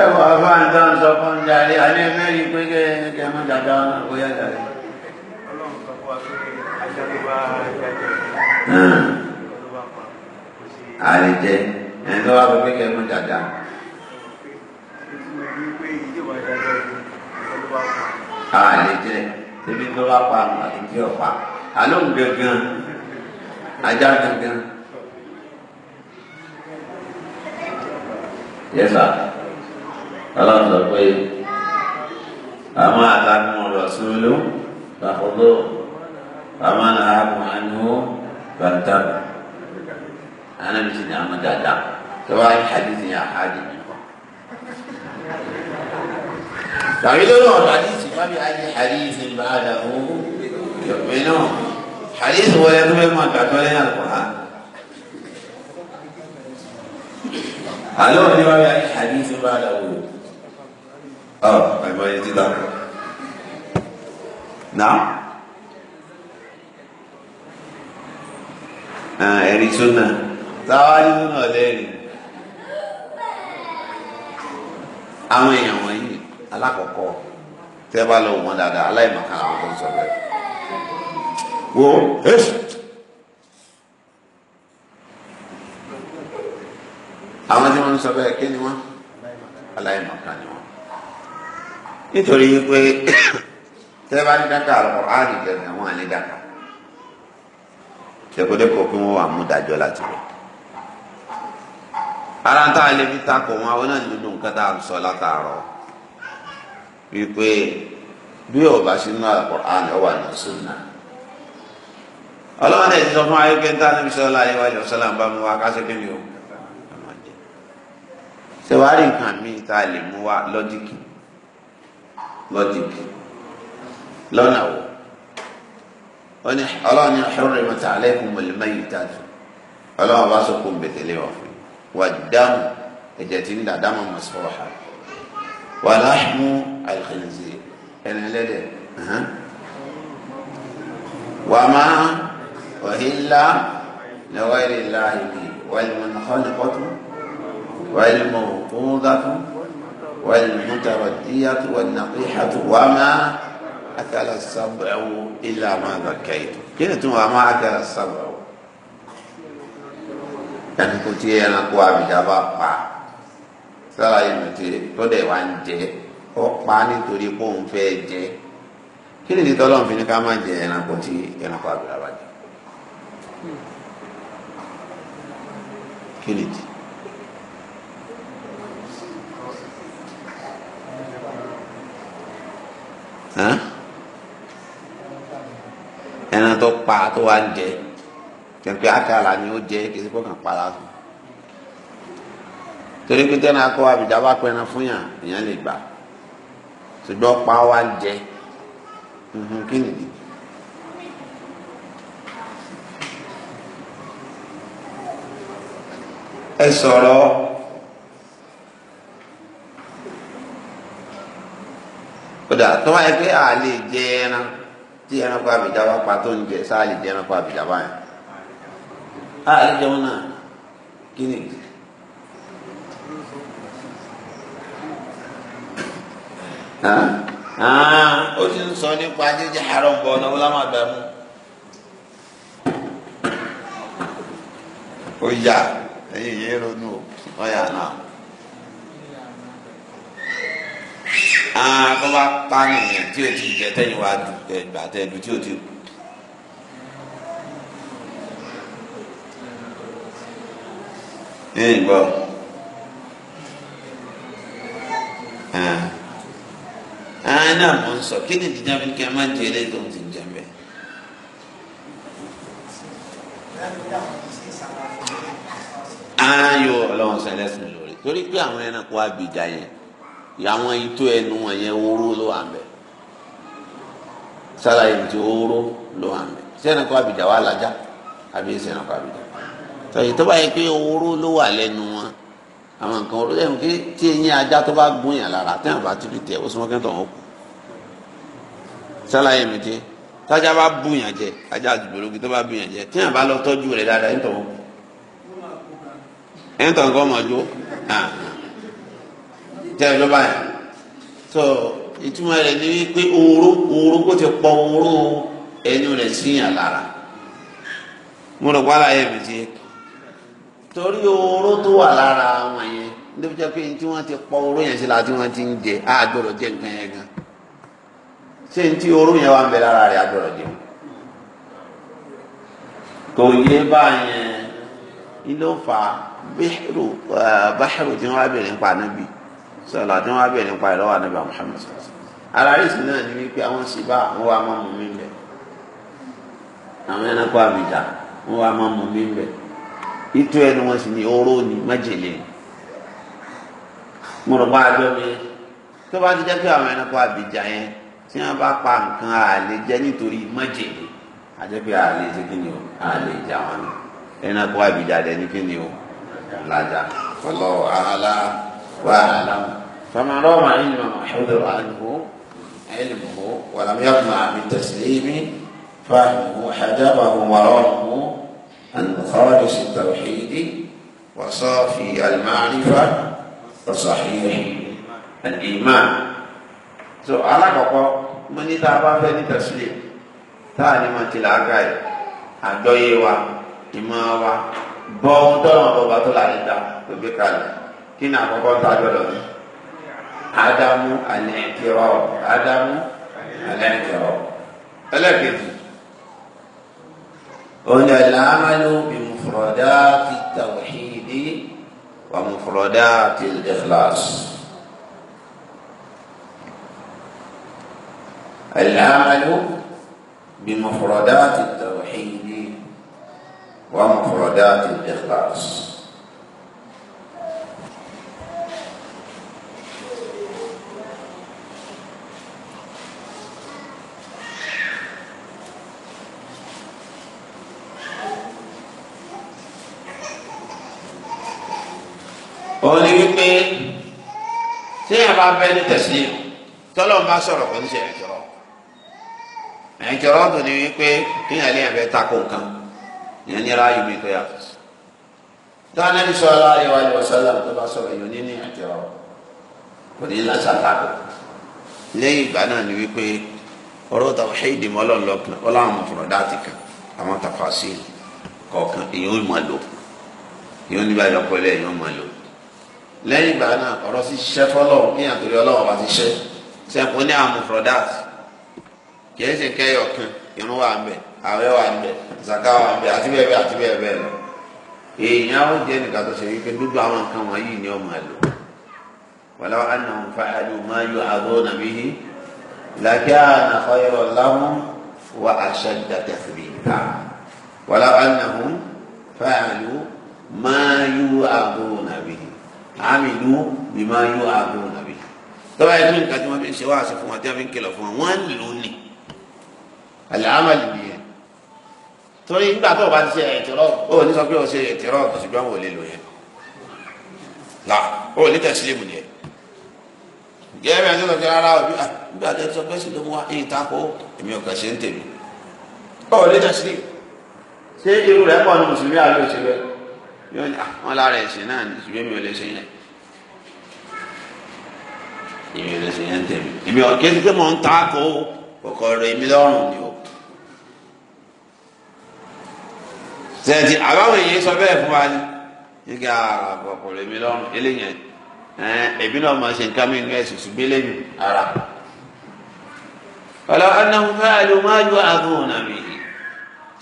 ẹ wọ afáǹtán sọ fún jàre alẹ́ mẹ́rin pé kẹ́ kẹ́ mọ́ dàda ọ̀nà bóyá jàre. àlejẹ ẹni tó wà pé kẹ́ mọ́ dàda. a lè jẹ ebi tó bá pa àti jẹ ọ̀pá àlọ́ gangan ajá gangan. yẹsà ọlọ́run sọ pé àmọ́ àtàkùn ọ̀rọ̀ sóló làkọ́lọ́ àmọ́ àtàkùn àníwó bàtà anábìsí ni àmọ́ dáadáa tó bá yí hadithi yẹn àhádìí. tàbí lórí ọ̀rọ̀ hadithi wábí ayé àríyìn ìgbà àdá owó yọ̀pẹ̀ náà àríyìn ìwọ ẹni bẹ́ẹ̀ máa gbàgbọ́ lẹ́yìn àlùkòrá. àlọ́ ni wábí ayé àríyìn ìgbà àdá owó. ọ àgbà yẹn ti dáa. náà ẹ̀rí tó náà táwa nínú náà lẹ́rìí. àwọn èèyàn wọ̀nyí alákọ̀ọ́kọ́ tẹ́ bá lọ wọn dáadáa aláìmọ̀kan àwọn tó ń sọ bẹ́ẹ̀ wo àwọn tí wọ́n ń sọ bẹ́ẹ̀ kí ni wọ́n aláìmọ̀kan ni wọ́n nítorí pé tẹ́ bá ní dáka àlọ́ àárí gẹ̀gẹ̀ wọn àlẹ́ dáka tẹ̀kọ́dẹ́kọ̀ pé wọ́n wà mú dájọ́ láti bẹ̀ ara ń tá a lè fi takò wọn àwọn náà nínú nǹkan tá sọ látàárọ̀ wípé bí ọba sínú Al-Qur'an ọwà náà sunna ọlọ́wọ́n náà ti sọ fún ayọ́kẹ́ tá níbi sọ́lá ayé wájú ọ̀sọ́lá ń bá mu wá kásẹ̀ kí ni o ṣèwárí nǹkan mi tá a lè mú wá lọ́díkì lọ́díkì lọ́nà wo ọlọ́wọ́n ní hurrimat alaykumul maytatu ọlọ́wọ́n bá sọ kó ń bẹ̀tẹ̀lé wà dáhùn ẹ̀jẹ̀ tí ń dà dáhùn mọ̀ sọ́wọ́ ha. ولحم الخنزير لدي أه. وما وهلا لغير الله به والمنخنقة والموقوذة والمتردية والنقيحة وما أكل السبع إلا ما ذكيت كده وما أكل السبع يعني كنت أنا قوى بجبار sára ìmọ̀tẹ́ tó dẹ̀ wá ń jẹ ọ pa nítorí pé òun fẹ́ jẹ kí ni ìdítọ́ ọlọ́run fi ní ká má jẹ ẹranko tí ẹranko àgbèrè àbájá kí ni ìdí. ẹran tó pa tó wá ń jẹ kẹ̀kẹ́ àkàlà ni ó jẹ kí n sì pa lásán torí pé tẹ́lẹ̀ akọ abidjan bá pẹran fún yàn èèyàn lè gbà ṣùgbọ́n pa wá jẹ kí nìdí. ẹ sọ̀rọ̀ kódà tó wáyé pé a lè jẹ ẹran tí ẹran kọ abidjan bá pa tó ń jẹ sáà lè jẹ ẹran kọ abidjan bá yẹn a lè jẹun náà kí nìdí. ó ti ń sọ nípa jíjẹ àárọ̀ ń bọ̀ ọ̀nà wọn láwọn àgbà mú. ó yà ẹyin yẹn ronú ó yà náà. kọ́ bá pa nìyẹn tí o ti jẹ tẹ́yìn wá dùn ẹgbà tẹ́lu tí o ti kú. Hey, well àwọn ah, náà mọ̀ ń sọ kí ni ìdíjà mi kí a máa jẹ eléyìí tó ń ti jẹ mẹ́. ayò ọlọ́run sọ ẹlẹ́sìn lórí torí pé àwọn ẹranko abìjà yẹn àwọn itó ẹnu wọn yẹn wóró ló wà mẹ́ sára ìdí wóró ló wà mẹ́ sí ẹranko abìjà wà lájà àbí sí ẹranko abìjà tọ́yìn tó bá yẹ pé wóró ló wà lẹ́nu wọn àwọn nǹkan olóyè ń ké tí eyín ajá tó bá gún yàn lára tí wọn bá ti fi tẹ ó súnmọ́ kẹ́ńtọ̀ wọn kù sálàyé mi ti tájà bá bù yàn jẹ ajá àdìgbòlógì tó bá bù yàn jẹ tí wọn bá lọ tọ́jú rẹ̀ dáadáa ẹ̀ńtọ̀ wọn kù ẹ̀ńtọ̀ nǹkan ọmọ jó tẹ́ ẹ ló bá yàn tó ìtumọ̀ rẹ̀ ni wípé oró oró kó ti pọ̀ oró ẹnu rẹ̀ síyàn lára mo rò pé àlàyé mi ti torí oró tó wà lára wọn yẹn níbi jẹ́ pé tí wọ́n ti pọ̀ oró yẹn sí la tí wọ́n ti ń jẹ á gbọ́dọ̀ jẹ nǹkan yẹn gan ṣé n tí oró yẹn wà ń bẹ lára rẹ̀ á gbọ́dọ̀ jẹun kò yé báyẹn ilé fa bíhìrù eh, báhìrù tí wọ́n bẹ̀rẹ̀ nípa níbi sọlá tí wọ́n bẹ̀rẹ̀ nípa ìlọ́wọ́ níbi Muhammad sọlá ara rìsì náà ni wípé àwọn ṣìbá wọ́n wá máa mú mi bẹ̀ àwọn ẹranko àbíjà wọ́n wá máa mú mi bẹ̀ ìtọ́ ẹnu wọn sì ní oró ni májèlé mo rò bá a jọ mi tó bá ti jẹ́ pé àwọn ẹranko àbíjà yẹn tí wọ́n bá pa nǹkan àlè jẹ́ nítorí májèlé àjẹpẹ́ àlè ṣe kí ni o àlè ìjà wọn ni ẹranko àbíjà dẹ̀ ní kí ni eh? ah, ah, ah, o oh. oh. làjà wallahu àhàlà wà àhàlà fàmàrọ̀ màá ń yàn ọ̀hẹ́dọ̀ àlùkò ẹ̀lùmọ̀ wàlámíyàtọ̀ àmì tẹ̀sílẹ̀ mi fàmù hàjábàbù wàrọ̀ عن خالص التوحيد وصافي المعرفة وصحيح الإيمان so alákọ̀ọ́kọ́ mo ní tá a bá fẹ́ ní tẹ̀sílẹ̀ tá a ní ma ti là á ká ẹ̀ àjọyé wa ìmọ̀ wa bọ́ ohun tọ́lọ̀ ọ̀bọ̀bà tó là ní ta tó gbé kalẹ̀ kí ni àkọ́kọ́ tá a gbọ́dọ̀ ní. ádámù alẹ́ ìkẹrọ ádámù alẹ́ ìkẹrọ ọ̀nà ìlànàlú bí mufurọ̀dá ti tàwíìdì wà mufurọ̀dá ti ikhlas. ìlànàlú bí mufurọ̀dá ti tàwíìdì wà mufurọ̀dá ti ikhlas. téèyàn bá bẹ ní tẹ̀sílímù tọ́lọ́ ń bá sọ̀rọ̀ kò ní ṣe ẹ̀jọ̀rọ̀ ẹ̀jọ̀rọ̀ tó ní wípé kéèyàn léèyàn fẹ́ takò nǹkan ìyẹn ní ráàyè mi tó yàtọ̀ dáná ní sọ aláyé wa ni wàsálà tó bá sọ̀rọ̀ èèyàn ní ní ẹ̀jọ̀rọ̀ kò ní lásà takò lẹ́yìn ìgbà náà ni wípé ọ̀rọ̀ tàwáhídì mọ́lọ́ọ̀lọ́kàn ọláwọn mọ̀fọ̀rọ̀dáàtì kan àwọn tàfàṣì kọ̀ọ̀kan èèyàn ó máa lò èèyàn ó ní báyìí lọ́pọ̀ lẹ́yìn ìgbà náà ọ̀rọ̀ sì ṣiṣẹ́ fọlọ́ ní àtòrí ọlọ́wọ́ bá ti ṣe sẹ́kùn ní àwọn mufrodat kìí ṣe kẹyọ kan irun wà ń bẹ àwẹ̀ wà ń bẹ zaka wà ń bẹ àti bẹ́ẹ̀ bẹ́ẹ̀ àti bẹ́ẹ̀ bẹ́ẹ̀ lọ. èèyàn ó jẹ́ nìkan tó ṣe wípé gbogbo àwọn nǹkan wọ̀nyí ni ó máa lò wàlá àná nfa máa yọ àdó nàbí yìí làkíyà àná nfa máa yọ àdó nàbí àmìlú bìmọ yóò aago nàbí tọ́ba yẹn fún nǹkan tí wọ́n fi ń ṣe wáàsí fún wọn tí wọ́n fi ń kìlọ̀ fún wọn wọ́n ń lò ní àlàámàlì nìyẹn torí nígbà tó o bá ti ṣe ẹ̀tẹ̀rọ̀ o ò ní sọ pé o ṣe ẹ̀tẹ̀rọ̀ ṣùgbọ́n o lè lò yẹn là o ò ní tẹ̀sílẹ̀mù yẹn gẹ́gẹ́ bí wọ́n ti sọ pé rárá o bí ah, a nígbà tó sọ pé sì ló mú wa ẹ̀yìn tako èmi ò kà ṣe ń tèmi o ò ní tẹ̀sílẹ̀mù ṣé irú rẹ̀ pọ̀ ní mùsùlùmí àlọ́ ìṣẹ̀lẹ̀ yóò ní àwọn ah, lára ẹ̀sìn náà ní ìṣubú mi ò lè ṣe yẹn èmi ò lè ṣe yẹn tẹ̀mí èmi ò kéde pé mò ń ta ko kòkòrò èmi lọ́rùn ni o. sẹ́ẹ̀tì àbáwọn èèyàn sọ bẹ́ẹ̀ fún wa ni nígbà kòkòrò ah, èmi lọ́rùn eléyẹn ẹ̀bí náà máa ṣe nǹkan mi nínú ẹ̀sìn ṣùgbọ́n eléyìí ara. ọ̀la ọ̀nà fún àlùmáàjò àgùnà mi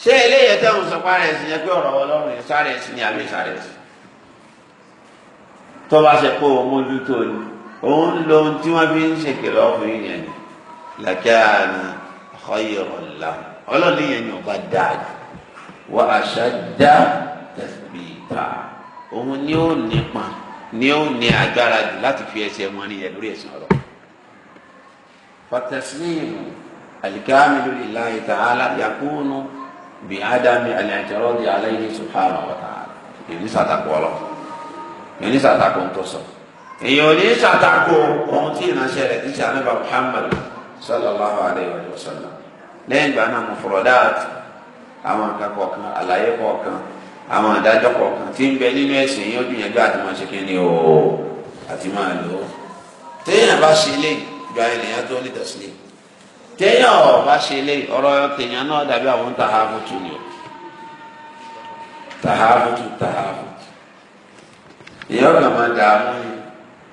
ṣé eléyìí tẹ́wọ̀n sọ párẹ̀ sí yẹn pé ọ̀rọ̀ ọlọ́run yìí sáré sí ni àbí sáré sí tó bá ṣe pé òun mójútó ni òun lo ohun tí wọ́n fi ń ṣèkìlọ̀ ọkùnrin yẹn ni làkàna khayran lahu ọlọ́run yẹn ni ọba dáa jù wa ashadda tathbita òun ni ó nípa ni ó ní agbára jù láti fi ẹsẹ̀ wọn rí yẹn lórí ẹ̀sìn ọ̀rọ̀ fataslimu alikamilu lillahi ta'ala yakunu bi adami al-i'tiradi alayhi subhanahu wa ta'ala èyí ní sàtàkù ọlọ èyí ní sàtàkù ń tó sọ èyí ò ní sàtàkù ohun tí ti ṣe ànábà Muhammad sallallahu alayhi wa sallam lẹ́yìn ìgbà náà mufradat àwọn nǹkan kọ̀ọ̀kan àlàyé kọ̀ọ̀kan àwọn àdájọ́ kọ̀ọ̀kan tí ń bẹ nínú ẹ̀sìn yín ó gbìyànjú àti máa ṣe kí ni o Ati máa lò ó téèyàn bá ṣe eléyìí ju ayẹyẹ yẹn tó ní tẹ̀sílẹ̀ téèyàn ọ̀ bá ṣe lé ọ̀rọ̀ téèyàn náà dàbí àwọn tàhàmùtù ni o tàhàmùtù tàhàmùtù èèyàn kàn máa dààmú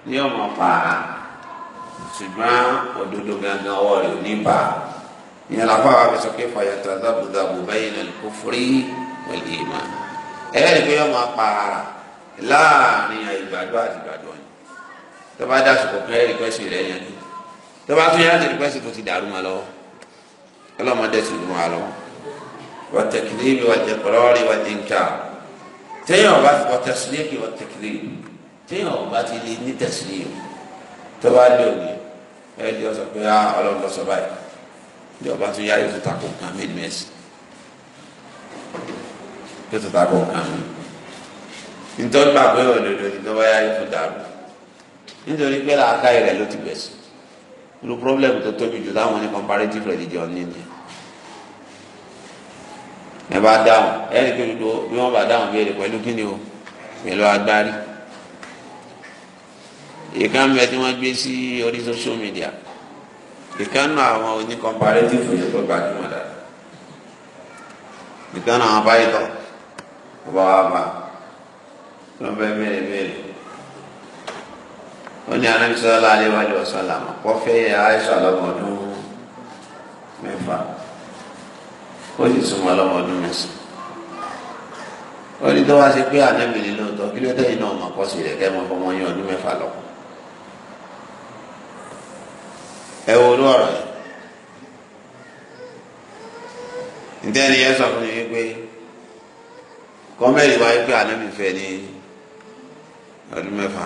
ni yóò máa pa á ṣùgbọ́n òdodo gangan ọwọ́ rẹ̀ ò ní bá a ìyẹn la fáwọn abẹ́sọ pé fàyàtọ̀ dábòdàbò báyìí náà kó forí pẹ̀lú ìmọ̀ ẹ̀rẹ́ ni pé yóò máa pa ara láàrin àìgbàdo àti ìgbàdo ọ̀yìn tó bá dá sùkọ̀ kẹ́rì kẹ́sì rẹ̀ yẹn ni tọ́ba tún yára tẹ̀lé pẹ́sì tó ti dàrú ma lọ́wọ́ ọlọ́mọdé tún dùn wá lọ́wọ́ wọ́n tẹ̀kílì bí wọ́n jẹ kọ́lọ́ọ̀rì wọ́n jẹ nkà téèyàn ọba wọ́n tẹ̀sílì bí wọ́n tẹ̀kílì téèyàn ọba ti lè ní tẹ̀sílì tọ́ba lé òní ẹ̀ ẹ́ di ọ̀sán pé á ah, ọlọ́mọdé sọ báyìí ní ọba tún yára yóò tó takò nǹkan méjì mẹ́sì yóò tó takò nǹkan mi nítorí pàgbé òdodo ní yára yóò tó dàrú nítorí pé làákàyè rẹ̀ ló ti bẹ̀ sí irú problem tó tóbi jù láwọn ní comparative religion ní ni ẹ bá dáhùn ẹ rí pé gbogbo bí wọn bá dáhùn bí èrè pẹ̀lú kíni o pẹ̀lú agbárí ìkan bẹ tí wọn gbé sí orí social media ìkan náà àwọn oní comparative yẹn tó gbajúmọ̀ dáadáa ìkan náà àwọn báyìí tọ ọba wa bá wọn bẹ mẹ́rin mẹ́rin ó ní anabi sọlá aléwájú ọsàlámà kọfẹ aisha lọ́mọdún mẹ́fà ó sì súnmọ́ lọ́mọdún mẹ́sàn ó ní tó wá sí pé anabi ní lóòótọ́ kí ló dẹ́yìn náà mọ kọsí rẹ kẹ mọ fọmọ yín ọdún mẹ́fà lọ. ẹ wo olú ọ̀rọ̀ yìí ntẹni yẹn sọ fún mi wípé kọmẹrì wáyé pé anabi fẹ́ ní ọdún mẹ́fà.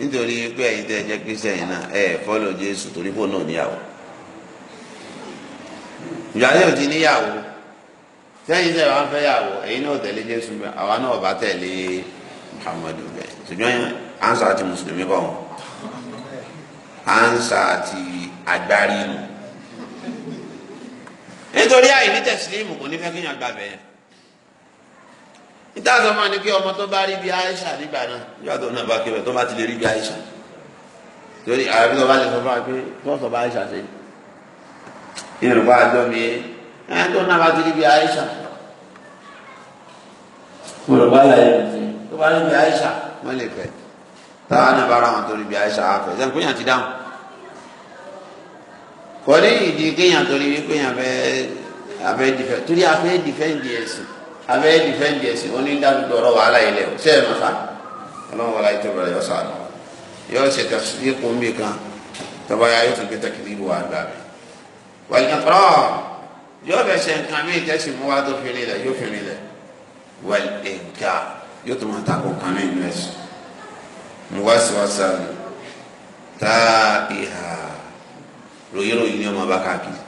nítorí pé ẹ̀yin tẹ́ ẹ jẹ́ náà ẹ fọlọ jésù torí fóònù náà níyàwó ìjọba yóò ti níyàwó sẹ́yìn tẹ́ wàá yàwó ẹ̀yin náà tẹ̀lé jésù àwa náà bá muhammadu bẹ́ẹ̀ ṣùgbọ́n ansa ti mùsùlùmí kọ wọn ansa ti agbárí mu nítorí àìní tẹ̀sílímù kò ní fẹ́ gbà bẹ́ẹ̀. níta sọ fún wa ni kí ọmọ tó bá rí bí Aisha nígbà náà nígbà tó náà bá kébẹ̀ tó bá ti lè rí bí Aisha torí àbí tó bá lè sọ fún wa pé tó sọ bá Aisha ṣe yorùbá àjọ mi yé ẹ tó náà bá ti rí bí Aisha yorùbá làyè mi tó bá rí bí Aisha wọn lè fẹ́ táwọn náà bá ra wọn tó rí bí Aisha àfẹ sẹni kó ti dáhùn kò ìdí kéèyàn torí wípé yàn fẹ́ torí afẹ́ dìfẹ́ ń ẹ̀sìn abẹ́ dìfẹ́ǹdì ẹ̀sìn onídàgbò ọ̀rọ̀ wàhálà ilẹ̀ o ṣe é ma fa ọlọ́run wàhálà yìí tó bẹ̀rẹ̀ yọ sáà lọ yọ ṣe tẹ̀sí kò ń bì kan tọba ya yóò tún gbé tẹkìlì wà gbà mí wàlìkàtọ́ yóò bẹ̀ ṣe nǹkan mí tẹ̀sí mú wa tó fi rí lẹ̀ yóò fi rí lẹ̀ wàlìkà yóò tún máa takò kan mí nù ẹ̀sìn mú wá sí wá sáré tá ìhà ròyìnròyìn ni ọmọ bá káàkiri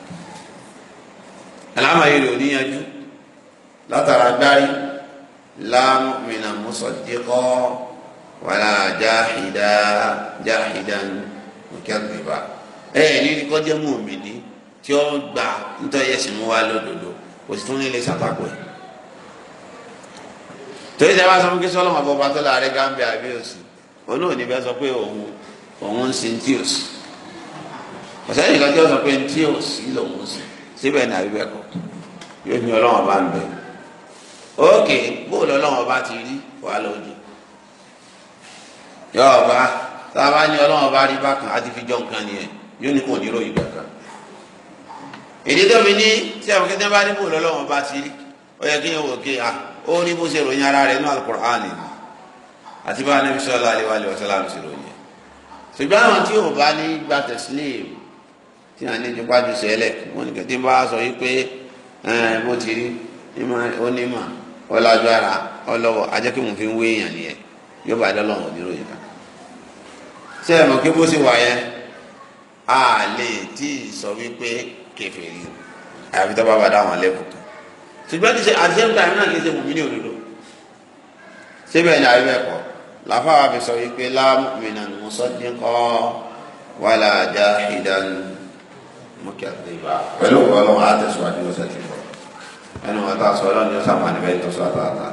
àlámà yìí rò níyànjú látara gbárí láàmú mìíràn mùsọ̀díkọ́ wàlá jáhìdá jáhìdá nkẹ́gbẹ̀bà ẹ ní kọ́ jẹ́ mú mi ní tí ó gbà nítorí ẹ̀sìn mú wa lódodo kò sì tún ní ilé sàpàpọ̀ ẹ̀ torí sẹ́ bá sọ fún kí sọ́lọ́mù àbọ̀bá tó láàárẹ̀ gánbẹ́ àbíòsì òun ò ní bẹ́ẹ̀ sọ pé òun òun ń sin tí ọ̀sẹ̀ yìí kan tí ó sọ pé tí ò sí lòun ń síbẹ̀ ní àbíbẹ̀ kọ yóò ní ọlọ́wọ́n bá ń bẹ̀rẹ̀ ókè bóòlù ọlọ́wọ́n bá ti rí wàá lójú yọọba tá a bá ní ọlọ́wọ́n bá rí bákan á ti fi jọ nǹkan nìyẹn yóò ní kò ní ròyìn kankan èdè tó mi ní tí àwọn kẹtẹ bá ní bóòlù ọlọ́wọ́n bá ti rí ó yẹ kí n wò kí a ó ní bó ṣe ròyìn ara rẹ̀ nínú Al-Qur'an ni àti bá Ànábì sallallahu alaihi wasallam ṣe ròyìn ẹ̀ ṣùgbọ́n àwọn tí yóò bá ní gba tẹ̀sílẹ̀ tí a ní jupájú sẹ́lẹ̀ ní kẹtẹ ọlọ́jọ ara ọlọ́wọ́ ajẹ́ kí mo fi ń wé èèyàn nìyẹn yóò bá dọ́ lọ́wọ́ òbí ròyìn kan ṣé ẹ mọ̀ kí bó ṣe wà yẹn a lè tí ì sọ wípé kèfèrí àyàfi tó bá bá dáhùn lẹ́bùn kan ṣùgbọ́n ti ṣe at the same time náà kì ṣe mùmí ní òdodo ṣé bẹ́ẹ̀ ni àyè bẹ́ẹ̀ kọ́ làfáà fi sọ wípé láàmùmínà ni mo sọ ní kọ́ wàhálà àjà ìdánù mọ́kì àti ìbá pẹ̀lú ọlọ́run àtẹ̀síwájú ọ̀sẹ̀ kìíní ẹnu wọn tá a sọ ọlọ́run yóò sàmà níbẹ̀ tó sọ àtàtà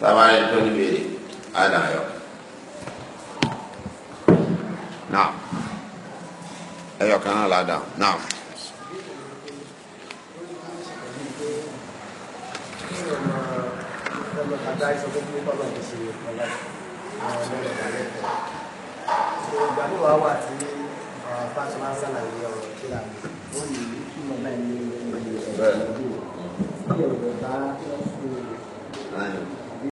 sábàárẹ̀ tó ní bèrè àná ayọ. náà ẹyọ kan náà ládàá náà. ìgbà Ai,